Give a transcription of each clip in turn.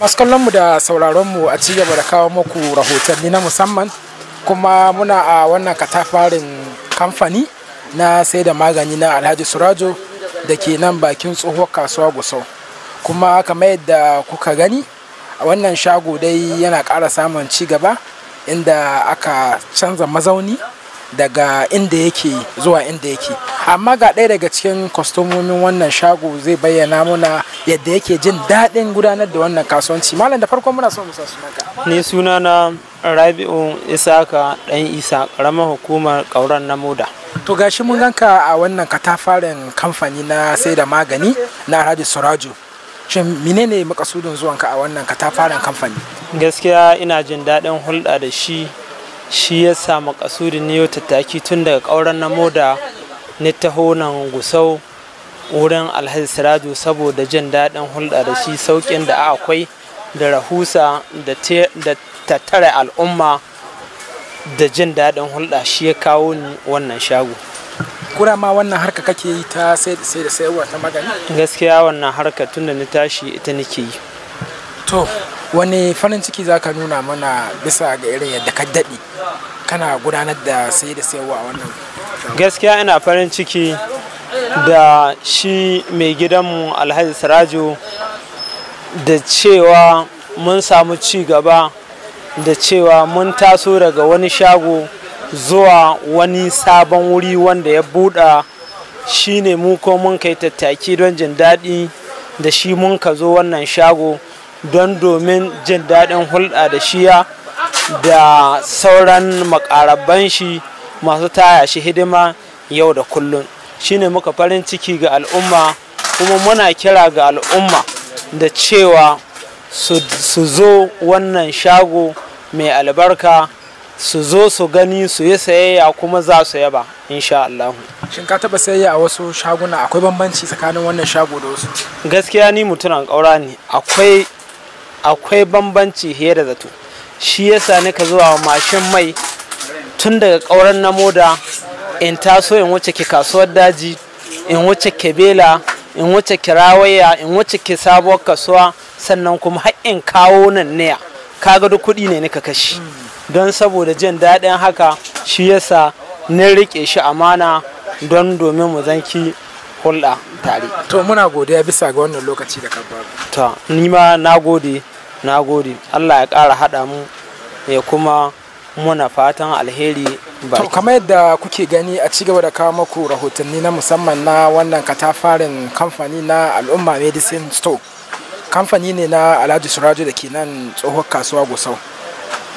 Maskallonmu da sauraronmu a ci gaba da kawo muku rahotanni na musamman kuma muna a wannan katafarin kamfani na sai da magani na alhaji surajo da ke nan bakin tsohuwar kasuwa gusau kuma kamar yadda kuka gani a wannan shago dai yana ƙara samun ci gaba inda aka canza mazauni daga inda yake zuwa inda yake amma ga ɗaya daga cikin kwastomomin wannan shago zai bayyana muna yadda yake jin daɗin gudanar da wannan kasuwanci malam da farko muna son musa sunanka ni suna na rabi'u isaka ɗan isa ƙaramar hukumar ƙauran na moda to gashi mun ganka a wannan katafaren kamfani na sai da magani na alhaji surajo shin menene makasudin zuwanka a wannan katafaren kamfani gaskiya ina jin daɗin hulɗa da shi shi ya samu kasudin niyo tattaki tun daga kauran na moda ni taho nan gusau wurin alhaji siraju saboda jin daɗin hulɗa da shi sauƙin da akwai da rahusa da tattare al'umma da jin daɗin hulɗa shi ya kawo ni wannan shago kura ma wannan harka kake yi ta sai da sayarwa ta magani gaskiya wannan harka tun da ni tashi ita nake yi to wani farin ciki za ka nuna mana bisa ga irin yadda ka daɗi, kana gudanar da sai da sayarwa a wannan gaskiya ina farin ciki da shi mai gidanmu alhaji sirajo da cewa mun samu ci gaba da cewa mun taso daga wani shago zuwa wani sabon wuri wanda ya buɗa shi ne mu ko mun kai tattaki don jin daɗi da shi mun ka zo wannan shago don domin jin daɗin hulɗa da shiya da sauran makaraban shi masu taya shi hidima yau da kullum shine muka farin ciki ga al'umma kuma muna kira ga al'umma da cewa su zo wannan shago mai albarka su zo su gani su yi sayayya kuma za su yaba insha Allah. Shin ka taba sayayya a wasu shaguna akwai bambanci tsakanin wannan shago da wasu? Gaskiya ni mutunan ƙaura ne akwai akwai bambanci fiye da zato shi yasa nika zuwa mashin mai tun daga ƙauran na moda in taso in wuce ke kasuwar daji in wuce ke bela in wuce ke rawaya in wuce ke sabuwar kasuwa sannan kuma haƙƙin kawo nan neya kaga duk kuɗi ne nika kashi don saboda jin daɗin haka shi yasa na riƙe shi amana don domin mu zanki hulɗa tare to muna godiya bisa ga wannan lokaci da ka babu to ni ma na gode na gode Allah ya ƙara haɗa mu ya kuma muna fatan alheri to kamar yadda kuke gani a ci gaba da kawo maku rahotanni na musamman na wannan katafarin kamfani na al'umma medicine store kamfani ne na alhaji surajo da ke nan tsohon kasuwa gusau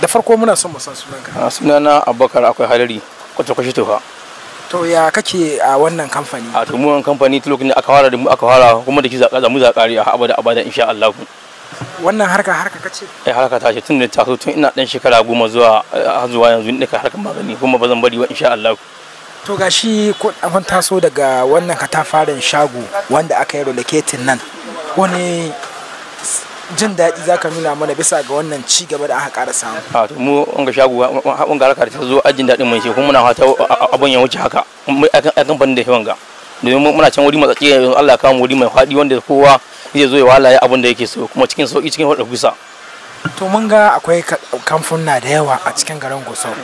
da farko muna son mu sunanka ah, sunana abubakar akwai hadari kwatakwashi tuha. to ya kake a wannan kamfani a to wannan kamfani tun lokacin da aka fara da mu aka fara kuma da ki zaka zamu zaka kare a abada abada insha Allah wannan harka harka kace eh harka ta ce tun da ta so tun ina dan shekara goma zuwa eh, zuwa yanzu ina harkan magani kuma ba zan bari ba insha Allah to gashi ko an taso daga wannan katafaren shago wanda aka yi relocating nan wani jin daɗi za ka nuna mana bisa ga wannan ci gaba da aka ƙara samu. a to mu an ga shago an ga harkar ta zo ajin daɗin mun shi kuma muna hata abin ya wuce haka a kamfanin da hewan ga domin muna can wuri matsatsi yanzu Allah ya kawo wuri mai faɗi wanda kowa zai zo ya walaye abin da yake so kuma cikin sauƙi cikin hulɗar kusa. to mun ga akwai kamfuna da yawa a cikin garin gusau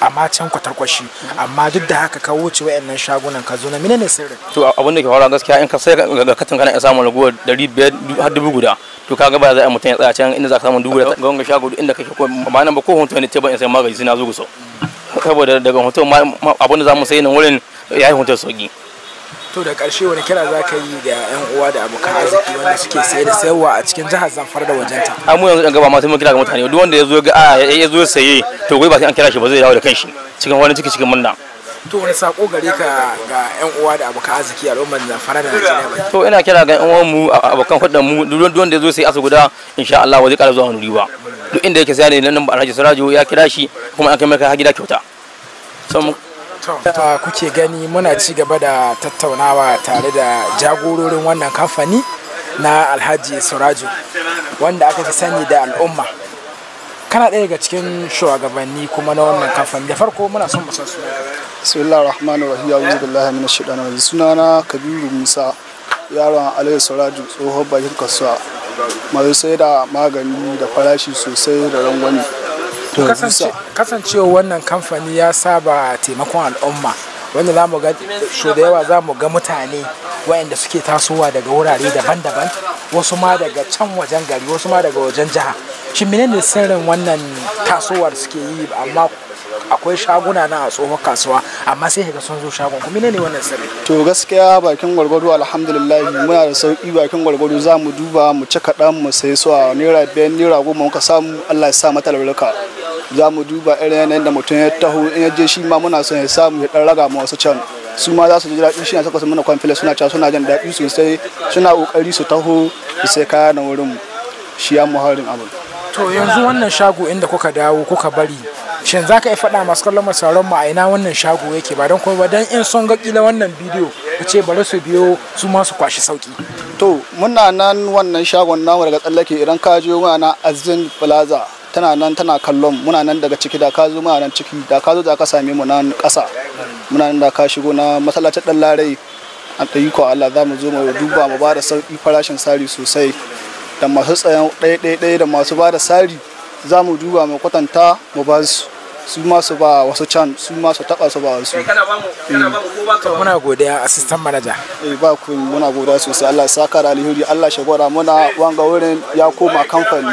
amma can kwatarkwashi amma duk da haka ka wuce wayannan shagunan ka zo na ne sirrin to abin da ke faruwa gaskiya in ka sai ga katin kana iya samun raguwar 500 har dubu guda to ka ga ba za a mutum ya tsaya can inda za ka samu dubu guda ga wanga shago inda kake ko ma nan ba ko hoton ne te ban sai magani sai na zo so saboda daga hoton abin da za mu sai nan wurin yayi hoton sauki to da ƙarshe wani kira za ka yi ga 'yan uwa da abokan arziki wanda suke saye da sayarwa a cikin jihar zamfara da wajenta a mu yanzu dan gaba masu mun kira ga mutane duk wanda ya zo ga a ya zo saye to gobe ba sai an kira shi ba zai dawo da kanshi cikin wani ciki cikin murna to wani sako gare ka ga yan uwa da abokan arziki roman zamfara da Najeriya to ina kira ga yan uwan mu abokan hudan mu duk wanda ya zo sai asu guda insha Allah wani ƙara zuwa wani riba duk inda yake sai ne nan ba Alhaji Sirajo ya kira shi kuma an kai maka gida kyauta ta kuke gani muna ci gaba da tattaunawa tare da jagororin wannan kamfani na alhaji suraju wanda aka fi sani da al'umma kana ɗaya daga cikin shugabanni kuma na wannan kamfani da farko muna son mu san suna bismillahir rahim a'udhu billahi minash shaitanir rajim sunana kabiru musa yaron alayhi suraju tsohon bakin kasuwa mai sai da magani da farashi sosai da rangwani to kasancewa wannan kamfani ya saba taimakon al'umma wanda za mu ga so da yawa za mu ga mutane wayanda suke tasowa daga wurare daban-daban wasu ma daga can wajen gari wasu ma daga wajen jiha shi menene sirrin wannan tasowar suke yi amma akwai shaguna na a tsohon kasuwa amma sai ka sun zo shagon kuma ne wannan sirri to gaskiya bakin gwargwado alhamdulillah muna da sauki bakin gwargwado za mu duba mu ci kaɗan mu sai su a naira biyar naira goma muka samu allah ya sa mata albarka za mu duba irin yanayin da mutum ya taho in ya je shi ma muna son ya samu ya dan raga ma wasu can su ma za su ji daɗi shi na saka muna kwamfila suna can suna jin daɗi sosai suna ƙoƙari su taho su sai kaya na wurin shi ya muharin abu. to yanzu wannan shago inda kuka dawo kuka bari shin za ka yi faɗa masu kallon masaron ma a ina wannan shago yake ba don kuma don in son ga kila wannan bidiyo ku ce bari su biyo su ma su kwashi sauki. to muna nan wannan shagon namu daga tsallake idan ka je wa na azin plaza tana nan tana kallon muna nan daga ciki da ka muna nan ciki da ka zo da ka same mu nan ƙasa muna nan da ka shigo na masallacin dan larai an tayi ko Allah za mu zo mu duba mu ba da sauƙi farashin sari sosai da masu tsayan ɗaya ɗaya da masu bada da sari za mu duba mu kwatanta mu ba su su ma su ba wasu can su ma su taba su ba wasu muna godiya assistant manager eh ba ku muna godiya sosai Allah ya saka da alheri Allah shi gwada muna wanga wurin ya koma kamfani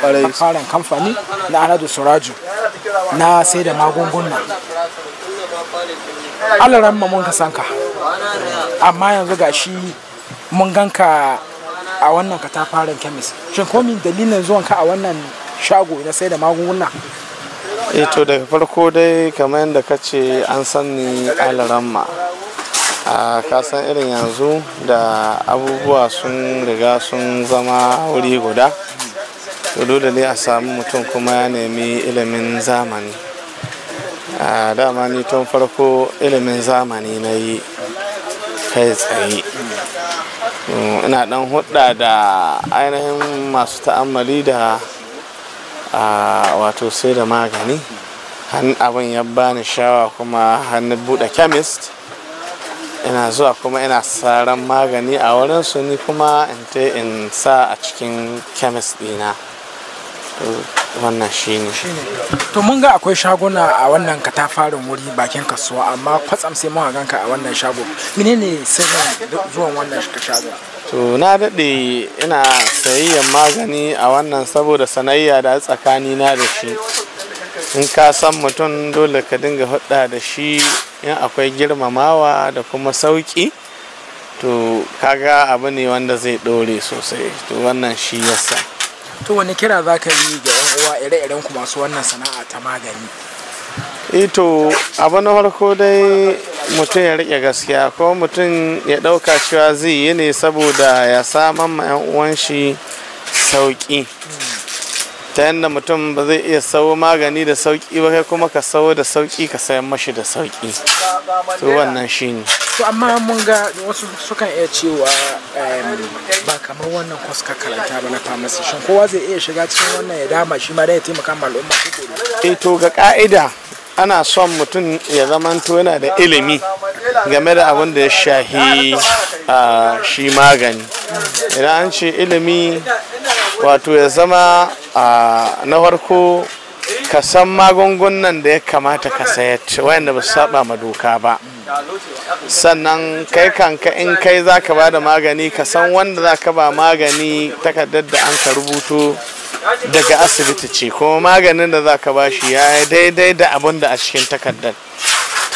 kwarai faran kamfani na Anadu Suraju na sai da magunguna Allah ramma mun ka sanka amma yanzu gashi mun ganka a wannan katafaren kemis shin min dalilin zuwanka a wannan shago na sai da magunguna Eto eh, to daga farko dai kamar yadda ka ce an sanni alaramma a kasan irin yanzu da abubuwa sun riga sun zama wuri guda dole ne a samu mutum kuma ya nemi ilimin zamani a dama ni tun farko ilimin zamani na yi kai tsaye ina dan hudda da ainihin masu ta'ammali da a wato sai da magani abin ya bani shawa kuma hannun buɗe chemist ina zuwa kuma ina saran magani a wurin ni kuma in ta in sa a cikin chemist dina wannan shi ne. to mun ga akwai shaguna a wannan katafarin wuri bakin kasuwa amma kwatsam sai muka ganka a wannan shago menene sirrin zuwan wannan shago to na daɗe ina sayayyan magani a wannan saboda sanayya da tsakani na da shi in ka san mutum dole ka dinga hudda da shi in akwai girmamawa da kuma sauki to kaga abu ne wanda zai ɗore sosai to wannan shi yasa to wani kira za ka yi ga yan uwa ire-iren ku masu wannan sana'a ta magani ito eh abu na farko dai mutum ya rike gaskiya ko mutum ya dauka cewa zai yi ne saboda ya saman ma 'yan uwan shi sauƙi ta yadda mutum ba zai iya sawo magani da sauki ba kai kuma ka sawo da sauki ka sayan mashi da sauki to wannan ne to amma mun ga wasu sukan iya cewa ba kamar wannan kwaska karanta ba na famasi shin kowa zai iya shiga cikin wannan ya dama shi ma da ya taimaka ma al'umma eh to ga ka'ida ana son mutum ya zamanto yana da ilimi game da abin da ya shahi ah, shi magani idan an ce ilimi wato ya zama na farko ka san magungunan da ya kamata ka sayar wayanda ba su saba ma doka ba sannan kai kanka in kai za ka ba da magani ka san wanda za ka ba magani takardar da an ka rubuto daga asibiti ce kuma maganin da za ka ba shi ya daidai da abin da a cikin takardar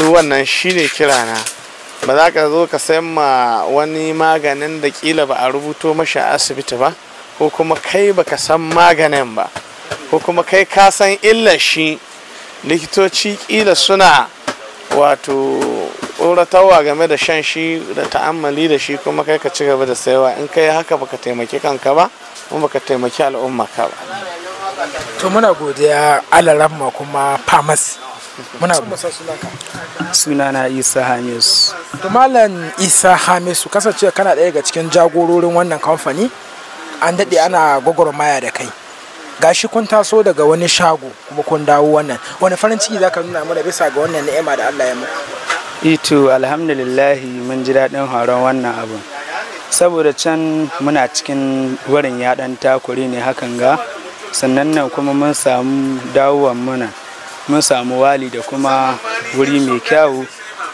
to wannan shi ne kirana ba za ka zo ka sayan ma wani maganin da kila ba a rubuto mashi a asibiti ba ko kuma kai baka san maganin ba ko kuma kai ka san illar shi likitoci kila suna wato tsoratawa game da shan shi da ta'ammali da shi kuma kai ka ci gaba da saiwa in kai haka baka taimaki kanka ba kuma baka taimaki al'umma ka ba to muna godiya alaramma kuma famas muna na isa hamisu malam isa hamisu kasance kana ɗaya ga cikin jagororin wannan kamfani an daɗe ana gwagwarmaya da kai gashi kun taso daga wani shago kuma kun dawo wannan wani farin ciki zaka nuna mana bisa ga wannan ni'ima da Allah ya mu ito eh alhamdulillah mun ji daɗin horon wannan abun saboda can muna cikin wurin yaɗan takuri ne hakan ga sannan nan kuma mun samu dawowan muna mun samu wali da kuma wuri mai kyawu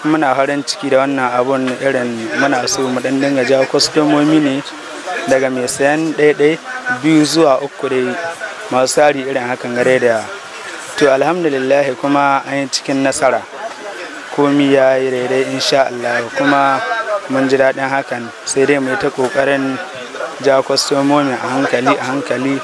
muna farin ciki da wannan abun irin muna so mu ɗan dinga jawo kwastomomi ne daga mai sayan ɗaiɗai biyu zuwa uku dai masu tsari irin hakan gare da to alhamdulillah kuma an yi cikin nasara komi ya yi daidai insha Allah kuma mun ji daɗin hakan sai dai mu ta ƙoƙarin ja kwastomomi a hankali a hankali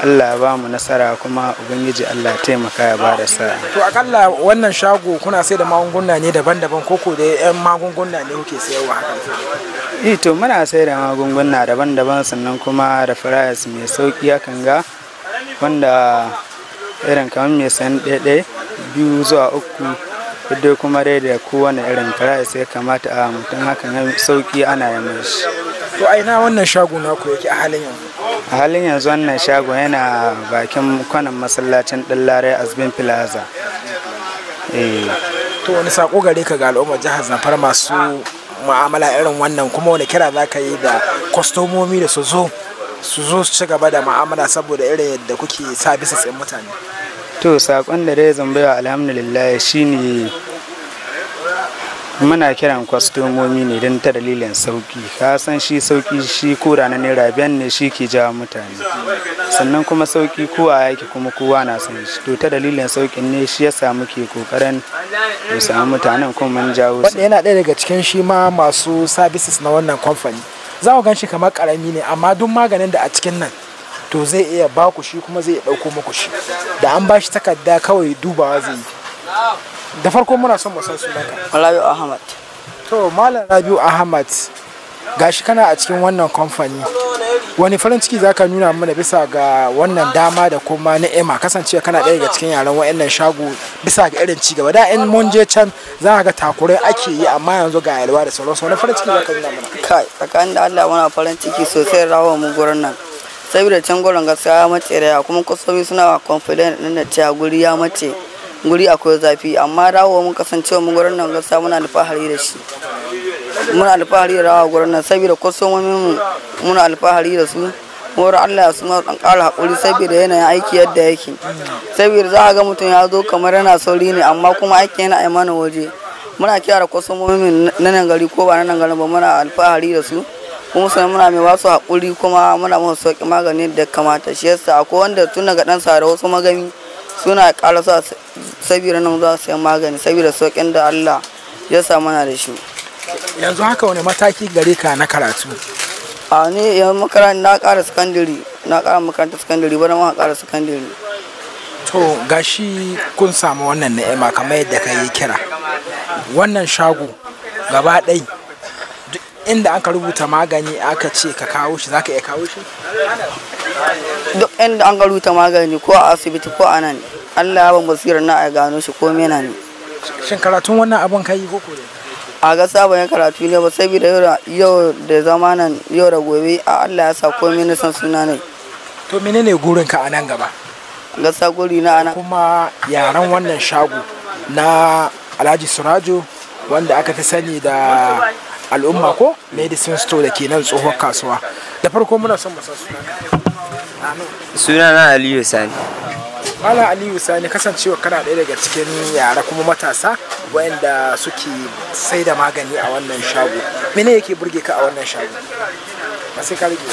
Allah ya ba mu nasara kuma ubangiji Allah taimaka ya bada da sa'a to akalla wannan shago kuna sai da magunguna ne daban-daban koko da yan magunguna ne kuke sayarwa haka eh to muna sai da magunguna daban-daban sannan kuma da price mai sauki hakan ga wanda irin kamar mai sayan ɗaiɗai biyu zuwa uku dai kuma dai da kowane irin price ya kamata a mutum hakan sauki ana yi shi. To ina wannan shago naku yake a halin yanzu? a halin yanzu wannan shago yana bakin kwanan masallacin a azbin plaza eh. to wani sako gare ka ga al'ummar jihar zamfara masu ma'amala irin wannan kuma wani kira za ka yi da kwastomomi da su zo su zo su ci gaba da ma'amala saboda irin yadda kuke sa bisa tsayin mutane to sakon da dai zambawa alhamdulillah shine muna kiran kwastomomi ne don ta dalilin sauki ka san shi sauki shi kura na naira biyan ne shi ke jawo mutane sannan kuma sauki kowa yake kuma kowa na san shi to ta dalilin saukin ne shi ya samu ke kokarin ya samu mutanen kuma mun jawo wanda yana ɗaya daga cikin shi ma masu services na wannan kamfani za ku gan kamar karami ne amma duk maganin da a cikin nan to zai iya baku shi kuma zai iya ɗauko muku shi da an ba shi takarda kawai dubawa zai yi da farko muna son mu san sunanka Rabiu Ahmad to Malam Rabiu Ahmad gashi kana a cikin wannan kamfani wani farin ciki zaka nuna mana bisa ga wannan dama da kuma ema kasance kana ɗaya ga cikin yaran wayannan shago bisa ga irin ci gaba da in mun je can za ga takurai ake yi amma yanzu ga yalwa da sauransu wani farin ciki zaka nuna mana kai tsakanin da Allah muna farin ciki sosai rawa mu gurin nan saboda can gurin gaskiya ya mace kuma kusomi suna confident din da cewa guri ya mace guri akwai zafi amma dawowa mun kasancewa mun gurin nan gasa muna alfahari da shi muna alfahari da rawa gurin nan saboda kwasomomin mu muna alfahari da su mawar Allah ya suma dan kara hakuri saboda yanayin aiki yadda yake saboda za a ga mutum ya zo kamar yana sauri ne amma kuma aiki yana imanin waje muna kira da kwasomomin na nan gari ko ba na nan gari ba muna alfahari da su kuma sai muna mai wasu hakuri kuma muna masu sauƙi magani da kamata shi yasa akwai wanda tun daga dan sa da wasu magani suna ƙara sa nan za su yi magani sabida sauƙin da Allah ya sa mana da shi yanzu haka wani mataki gare ka na karatu a ne ya makaranta na ƙara sakandare na ƙara makaranta sakandare bana ma ƙara sakandare to gashi kun samu wannan na'ima kamar yadda ka yi kira wannan shago gaba ɗai inda aka rubuta magani aka ce ka kawo shi za ka iya kawo shi duk inda an garuta magani ko a asibiti ko a nan Allah ya ban basirar na a gano shi ko mena ne shin karatun wannan abun kayi ko ko a ga sabon karatu ne ba saboda yau da zamanan yau da gobe a Allah ya sa ko mena san suna ne to ne gurin ka a nan gaba ga guri na ana kuma yaran wannan shago na Alhaji Surajo wanda aka fi sani da al'umma ko medicine store da ke nan tsohon kasuwa da farko muna son mu san suna suna na aliyu sani Malam Aliyu Sani kasancewa kana ɗaya daga cikin yara kuma matasa waɗanda suke sai da magani a wannan shago. Mene yake burge ka a wannan shago? Ba sai ka rage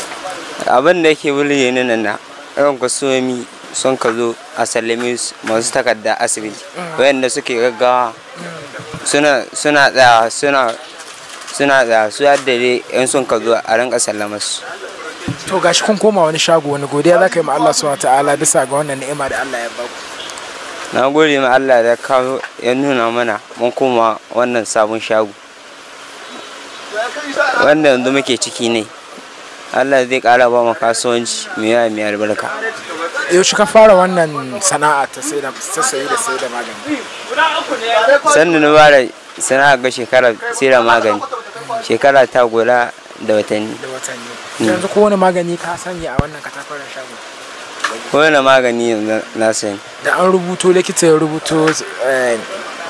Abin da yake burge ni nan na irin kwasomi sun ka zo a sallame masu takarda asibiti mm. waɗanda suke gaggawa mm. suna suna tsaya suna suna tsaya su yadda dai in sun ka zo a rinka sallama su. to gashi kun koma wani shago wani godiya za ka yi ma Allah subhanahu ta'ala bisa ga wannan ni'ima da Allah ya baku na gode ma Allah da kawo ya nuna mana mun koma wannan sabon shago wanda yanzu muke ciki ne Allah zai kara ba mu kasuwanci mai yawa mai albarka yaushe ka fara wannan sana'a ta sai da sayi da sai da magani sannan na fara sana'a ga shekara sai da magani shekara ta guda da watanni mm. yanzu kowane magani ka sanya a wannan katakon shago kowane magani na sani da an rubuto likita ya rubuto eh,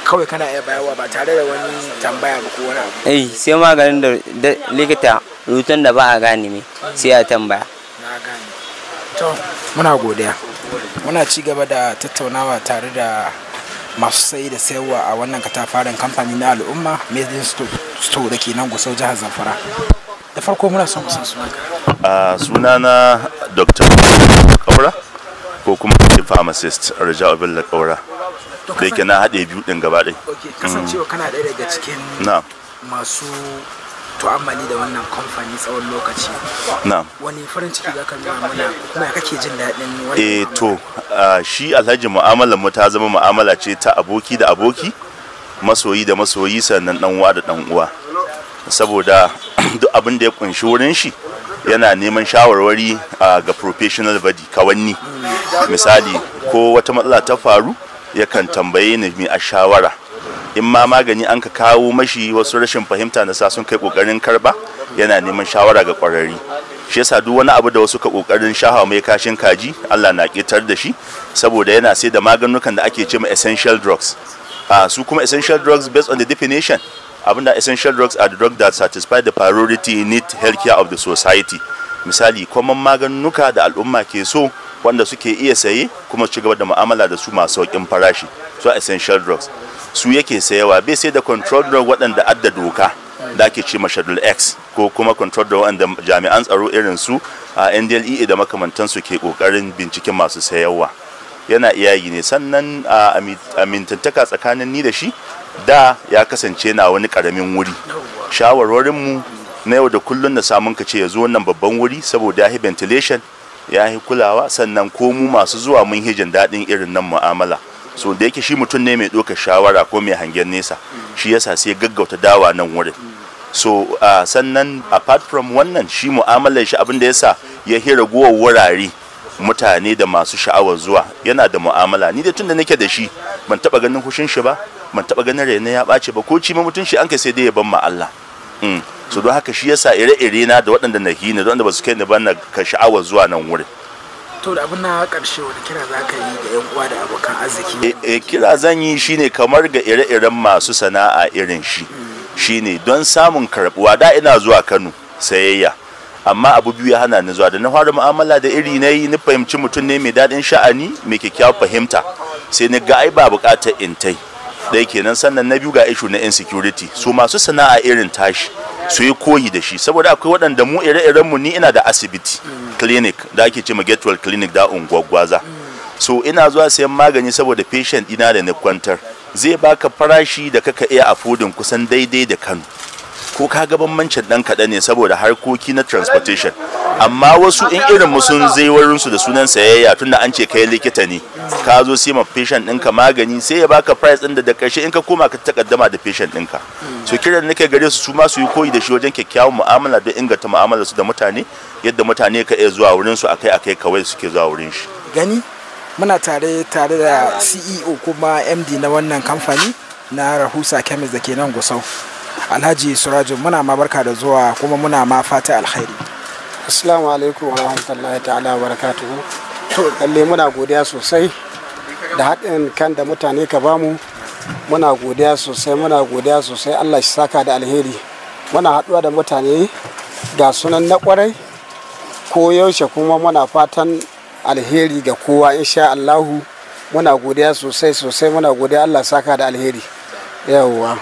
kawai kana iya bayarwa ba tare da wani tambaya ba ko wani abu eh sai maganin da likita rutun da ba a gane me sai a tambaya na gane to muna godiya muna ci gaba da tattaunawa tare da masu sai da sayarwa a wannan katafaren kamfani na al'umma medin store da ke nan gusau jihar zamfara da farko muna son su sunanka a sunana dr kaura ko kuma pharmacist rajau da kaura da yake na haɗe biyu ɗin gaba ɗai kasancewa mm. kana ɗaya daga cikin masu tu'ammali da wannan kamfani tsawon lokaci na wani farin ciki za ka mana kuma ya kake jin daɗin wani eh to shi alhaji mu'amalar mu ta zama mu'amala ce ta aboki da aboki masoyi da masoyi sannan dan uwa da dan uwa saboda duk abin da ya kunshi wurin shi yana neman shawarwari ga professional body kawanni misali ko wata matsala ta faru yakan tambaye ni mai a shawara in ma magani an ka kawo mashi wasu rashin fahimta na sa sun kai kokarin karba yana neman shawara ga kwararri shi yasa duk wani abu da wasu ka kokarin shaha mai kashin kaji Allah na ketar da shi saboda yana sai da maganukan da ake cewa essential drugs su kuma essential drugs based on the definition abinda essential drugs are the drugs that satisfy the priority need healthcare of the society misali kwaman maganuka da al'umma ke so wanda suke iya saye kuma su gaba da mu'amala da su masu saukin farashi su essential drugs su yake sayawa bai sai da control drug waɗanda adda doka da ake ce mashadul schedule x ko kuma control drug waɗanda jami'an tsaro irin su a ndle da makamantansu ke ƙoƙarin binciken masu sayarwa yana iyayi ne sannan a amintantaka tsakanin ni da shi da ya kasance na wani karamin wuri shawarwarinmu na yau da kullun na samun ka ce ya zo wannan babban wuri saboda ya yi ventilation ya yi kulawa sannan ko mu masu zuwa mun hijin daɗin irin nan mu'amala so da yake shi mutum ne mai ɗaukar shawara ko mai hangen nesa shi yasa sai gaggauta dawa nan wurin so uh, sannan apart from wannan shi mu'amalar shi abin da yasa ya hira raguwar wurare mutane da masu sha'awar zuwa yana da mu'amala ni da tun da nake da shi ban taɓa ganin hushin shi ba ban taba ganin raina ya bace ba ko ci ma mutunci an kai sai dai ya ban ma Allah mm. so don haka shi yasa ire-ire na da waɗanda na hina da waɗanda ba su kai ni ba na ka sha'awar zuwa nan wurin to da abin na karshe wani kira za ka yi ga 'yan uwa da abokan arziki eh, eh kira zan yi shine kamar ga ire-iren masu sana'a irin shi mm. shine don samun karbuwa da ina zuwa Kano sayayya amma abu biyu ya hana ni zuwa da na fara mu'amala da iri na yi ni fahimci mutum ne mai daɗin sha'ani mai kyakkyawar fahimta sai ni ga ai ba bukatar in tai da yake nan sannan na biyu ga issue na insecurity su masu sana'a irin tashi su yi koyi da shi saboda akwai waɗanda mu ire-iren mu ni ina da asibiti clinic da ake ce ma clinic da unguwagwaza so ina zuwa sayan magani saboda patient ina da na kwantar zai baka farashi da kaka iya affordin kusan daidai da kano ko ka ga bambancin dan kaɗan ne saboda harkoki na transportation amma wasu in irin mu sun zai wurin su da sunan sayayya tunda an ce kai likita ne ka zo sai ma patient ɗinka magani sai ya baka price ɗin da da ƙarshe in ka koma ka takaddama da patient ɗinka so kiran nake gare su su ma su yi koyi da shi wajen kyakkyawan mu'amala don inganta mu'amala su da mutane yadda mutane ka iya zuwa wurin su akai akai kawai suke zuwa wurin shi gani muna tare tare da CEO kuma MD na wannan kamfani na Rahusa Chemist da ke nan Gusau alhaji suraju muna ma barka da zuwa kuma muna ma fata alkhairi assalamu alaikum wa rahmatullahi ta'ala wa barakatuhu to kalle muna godiya sosai da haɗin kan da mutane ka bamu muna godiya sosai muna godiya sosai allah shi saka da alheri muna haɗuwa da mutane ga sunan na kwarai ko yaushe kuma muna fatan alheri ga kowa insha allahu muna godiya sosai sosai muna godiya allah saka da alheri yawwa